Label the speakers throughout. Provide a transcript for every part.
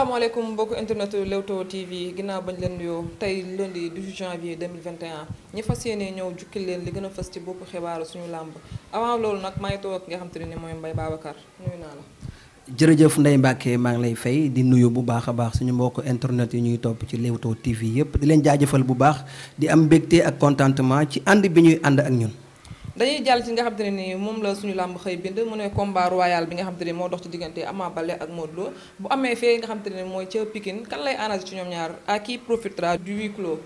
Speaker 1: salaamaaleykum mbokki internet Leewtoo TV ginnaaw bañ leen nuyoo tey lundi 18 janvier 2021 ñi fas yéene ñëw jukkil leen li gën a fës ci bokk xibaaru suñu làmb avant loolu nag maa ngi toog ak nga xam te ne ni mooy Mbaye Babacar nuyu naa la.
Speaker 2: jërëjëf ndey Mbacke maa ngi lay fay di nuyu bu baax a baax suñu mbokk internet yi ñuy topp ci Leewtoo TV yëpp di leen jaajëfal bu baax di am mbégte ak contentement ci ànd bi ñuy ànd ak ñun.
Speaker 1: dañuy jàll ci nga xam te ne ni moom la suñu làmb xëy bind mu ne combat royal bi nga xam te ne moo dox ci diggante Ama Baldé ak Modou Lo bu amee fee nga xam te ne mooy ca pikin kan lay arrangé ci ñoom ñaar à qui profitera du huis clos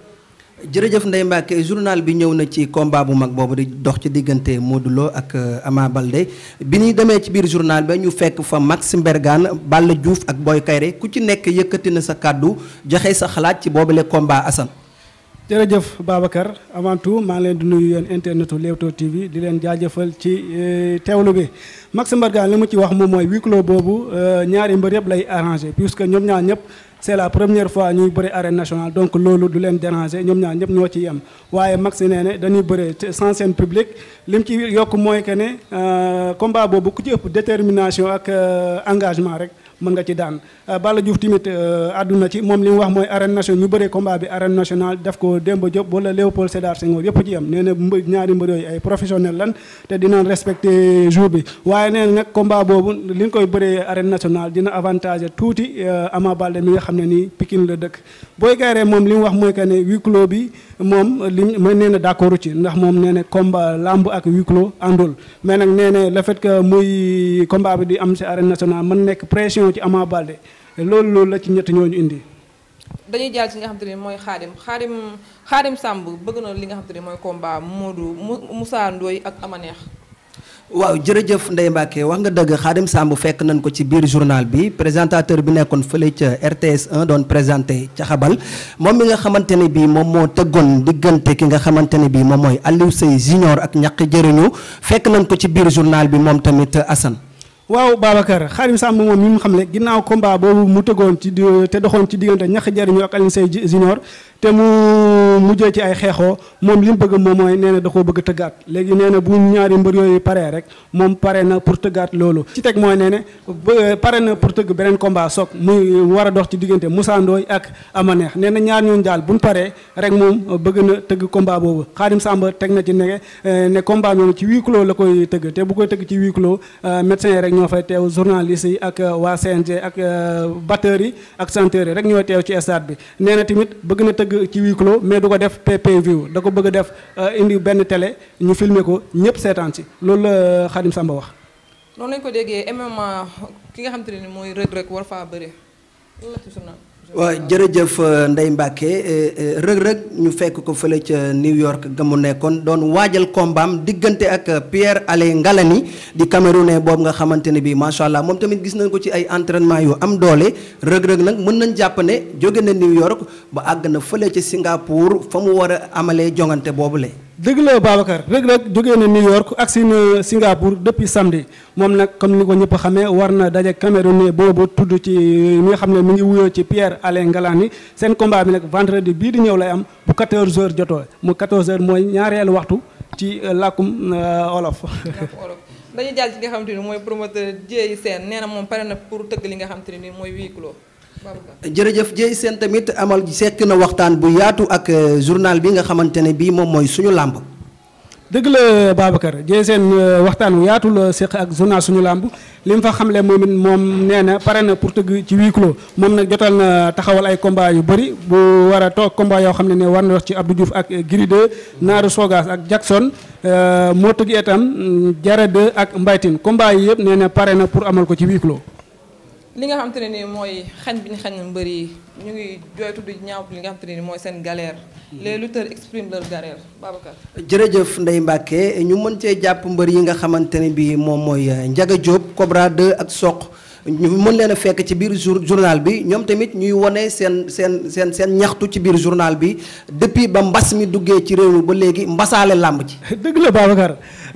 Speaker 2: jërëjëf Ndeye Mbacke journal bi ñëw na ci combat bu mag boobu di dox ci diggante Modou ak euh, amaa balde bi ñuy demee ci biir journal bi ñu fekk fa Max Mbergane Balla Diouf ak Boy ku ci nekk yëkkati na sa kàddu joxe sa xalaat ci boobule combat Assane jërëjëf
Speaker 3: Babacar avant tout maa ngi leen di nuyu yéen internetu Leewtoo TV di leen jaajëfal ci e, teewlu bi Max Mbargane li mu ci wax moom mooy huis clos boobu e, ñaari mbër yëpp lay arrangé puisque ñoom ñaar ñëpp c'est la première fois ñuy bëri arène nationale donc loolu du leen déranger ñoom ñaar ñëpp ñoo ci yem waaye Max nee ne dañuy bëre sans scène publique li mu ci yokk mooy que ne e, combat boobu ku ci ëpp détermination ak engagement rek mën nga ci daan euh, Balla Diouf tamit euh, àdduna ci moom li mu wax mooy arène nationale ñu bëree combat bi arène nationale def ko Demba Diop wala Léopold Sédar Senghor yëpp ci am nee na ñaari mbër ay professionnel lan te dinañ respecté jour bi waaye nee na combat boobu li koy bëree arène nationale dina avantage tuuti euh, Ama Baldé mi nga xam ne nii Pikine la dëkk Boy Gayré moom li wax mooy que ne huis clos bi moom li ma nee na d'accord ci ndax moom nee na combat lamb ak ci Ama Baldé loolu loolu la ci ñett ñooñu indi.
Speaker 1: dañuy jàll ci nga xam te ne mooy xaadim xaadim xaadim Samb bëgg na li nga xam te ne mooy combat Modou Moussa ak Amaneex.
Speaker 2: waaw jërëjëf Ndeye wax nga dëgg Xaadim Samb fekk nañ ko ci biir journal bi présentateur bi nekkoon fële ca RTS doon présenté ca xabal moom mi nga xamante ne bii moom moo tëggoon diggante ki nga xamante ne bii moom mooy Aliou Seye Junior ak ñaq jëriñu fekk nañ ko ci biir journal bi moom tamit Assane.
Speaker 3: waaw Babacar Xaadim Samb moom mi mu xam ne ginnaaw combat boobu mu tëggoon ci te doxoon ci diggante ñax jariñu ak Alioune Seye junior te mu mujjee ci ay xeexoo moom li mu bëgg moom mooy nee na da koo bëgg tëggaat léegi nee na bu ñaari mbër yooyu pare rek moom pare na pour tëggaat loolu ci teg mooy nee na pare na pour tëgg beneen combat soog muy war a dox ci diggante musandooy Ndoye ak Amaneex nee na ñaar ñoon daal buñ paree rek moom bëgg na tëgg combat boobu Xaadim Samb teg na ci ne eh, ne combat moom ci huis clos la koy tëgg te bu koy tëgg ci huis clos euh, médecin rek ñoo fay teew journaliste yi ak euh, waa CNG ak euh, batteurs yi ak chanteurs rek ñooy teew ci stade bi nee na tamit bëgg na tëgg ci huis mais du ko def PPV da ko bëgg a def euh, indi benn tele ñu filmer ko ñëpp seetaan si loolu la Khadim Samba wax.
Speaker 1: noonu lañ ko déggee MMA ki nga xam te ne mooy Reug Reug war faa bëri.
Speaker 2: waa jërëjëf euh, ndey Mbacke euh, euh, rëg-rëg ñu fekk ko fële ca New York ga mu nekkoon doon waajal kombaam diggante ak Pierre Alain Ngalani di Camerounais boobu nga xamante ne bii macha allah moom tamit gis nañ ko ci ay entraînement yu am doole rëg-rëg nag mën nañ jàpp ne jóge na New York ba àgg na fële ca Singapour fa mu war a amalee boobu boobule. dëgg la Babacar Reug Reug jógee na New York ak si na Singapour depuis samedi
Speaker 3: moom nag comme ni ko ñëpp xamee war na daje Cameroun boobu tudd ci mi nga xam ne mu ngi wuyoo ci Pierre Alain Ngalani seen combat bi nag vendredi bii di ñëw lay am bu 14h jotoo mu 14h mooy ñaareelu waxtu ci euh, euh, làkkum olof.
Speaker 1: dañu jàll ci li nga xamante ni mooy promoteur Dieye Sène nee na moom pare na pour tëgg li nga xamante ni mooy huis clos
Speaker 2: jërëjëf Dieye seen tamit amal sekk na waxtaan bu yaatu ak euh, journal bi nga xamante ne bii moom mooy suñu làmb
Speaker 3: dëgg la Babacar Dieye Sène euh, waxtaan bu yaatu la seq ak journal suñu làmb li mu fa xamle moom it moom nee na pare na pour tëgg ci huis clos moom nag jotal na taxawal ay combat yu bëri bu war a toog combat yoo xam ne ne war na wax ci Abdou Diouf ak euh, Gris 2 Naaru Sogas ak Jackson moo tëgg itam mm, Jara ak Mbaytin combat yi yëpp nee na pare na pour amal ko ci huis
Speaker 1: li nga xam te ne nii mooy xañ bi ñu xañ mbër yi ñu ngi jooytu di ñaaw li nga xam te ne nii mooy seen galère. Mm-hmm. les lutteurs expriment leur galère Babacar.
Speaker 2: jërëjëf Ndeye Mbacke ñu mën cee jàpp mbër yi nga xamante ne bii moom mooy euh, njaga jóob Cobra ak Sokh ñu mën leen a fekk ci biir journal bi ñoom tamit ñuy wone seen seen seen seen ñaxtu ci biir journal bi depuis ba mbas mi duggee ci réew mi ba léegi mbasaale làmb ci dëgg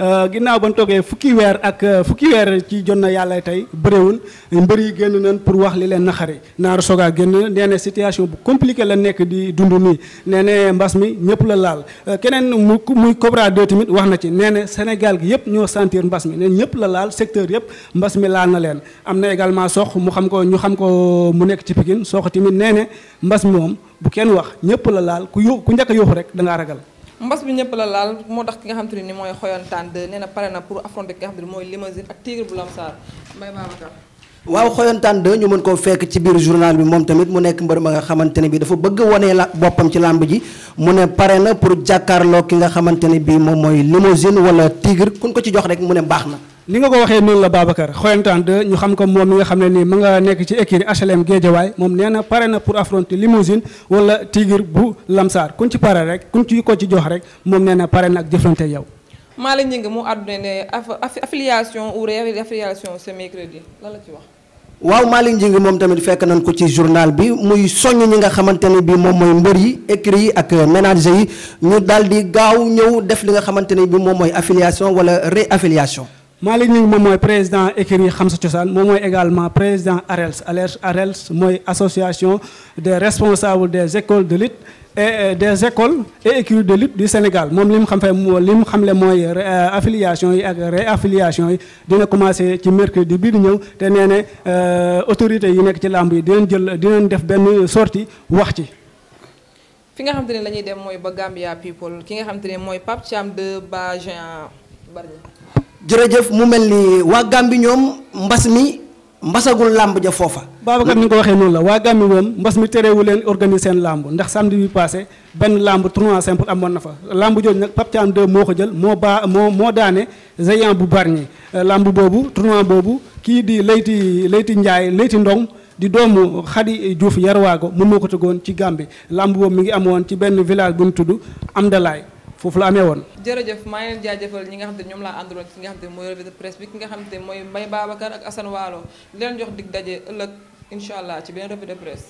Speaker 2: Euh, ginnaaw ba ñu toogee fukki weer ak euh,
Speaker 3: fukki weer ci jot na yàlla tey bëriwul mbër yi génn nañ pour wax li leen naxari naaru soga génn nee na situation bu compliqué la nekk di dund nii nee na mbas mi ñëpp la laal euh, keneen mu muy Cobra 2 tamit wax na ci nee na Sénégal gi yëpp ñoo sentir mbas mi nee ñëpp la laal secteur yëpp mbas mi laal na leen am na également sox mu xam ko ñu xam ko mu nekk ci Pikine sox tamit nee na mbas moom bu kenn wax ñëpp la laal ku yó ku njëkk a rek da ragal
Speaker 1: mbas bi ñëpp la laal moo tax ki nga xam te ne ni mooy xoyantaan de nee na pare na pour affronter ki nga xam te ne mooy limousine ak tigre bu lamsaar Mbaye Babacar
Speaker 2: waaw xoyantaan de ñu mën koo fekk ci biir journal bi moom tamit mu nekk mbër ma nga xamante ne bi dafa bëgg wane la boppam ci làmb ji mu ne pare na pour jàkkaarloo ki nga xamante ne bi moom mooy limousine wala tigre kun ko ci jox rek mu ne baax na ni nga ko
Speaker 3: waxee noonu la Babacar xoyantaan de ñu xam ko moom mi nga xam ne nii mu nga nekk ci écurie HLM Guédiawaye moom nee na pare na pour affronter limousine wala tigre bu lamsaar kuñ ci pare rek kuñ ci ko ci jox
Speaker 2: rek moom nee na pare na ak jëflante
Speaker 1: maa la ñëng mu ne affiliation ou réaffiliation ce mercredi lan la ci wax.
Speaker 2: waaw Malick Ngingue moom tamit fekk nañ ko ci journal bi muy soññ ñi nga xamante ne bi moom mooy mbër yi écrits yi ak ménager yi ñu daal di gaaw ñëw def li nga xamante ne bi moom mooy affiliation wala réaffiliation Malick Ning moom
Speaker 3: mooy président écurie Xam sa cosaan moom mooy également président ARELS ARELS e mooy association des responsables des écoles de lutte et euh, des écoles et de lutte du Sénégal moom li mu xam moo li mu xamle mooy euh, affiliation yi ak réaffiliation yi dina commencé ci mercredi bii di ñëw te nee ne euh, autorités yi nekk ci làmb yi dinañ jël dinañ def benn sorti wax ci.
Speaker 1: fi nga xam te ne la dem mooy ba Gambia people ki nga xam ne mooy Pape Thiam de Ba
Speaker 2: jërëjëf mu mel ni waa Gàmbi ñoom mbas mi mbasagul làmb ja foofa. Babacar ni nga ko waxee noonu la waa Gàmbi
Speaker 3: moom mbas mi terewu leen organiser seen làmb ndax samedi bi passé benn làmb tournoi simple amoon na fa làmb jooju nag Pape Thiam moo ko jël moo baa moo moo daane géant bu barñi euh, làmb boobu tournoi boobu kii di Leyti Leyti Ndiaye Leyti Ndong. di doomu Khady Diouf Yarwaago mën moo ko tegoon ci Gàmbi làmb boobu mi ngi amoon ci benn village bu tudd Amdalaay foofu la amee woon
Speaker 1: jërëjëf maa ngi leen jaajëfal ñi nga xam te ñoom laa ànduloon ci nga xam te mooy revue de presse bi ki nga xam te mooy Mbaye ak Assane Waalo leen jox dig daje ëllëg incha allah ci beneen revue de presse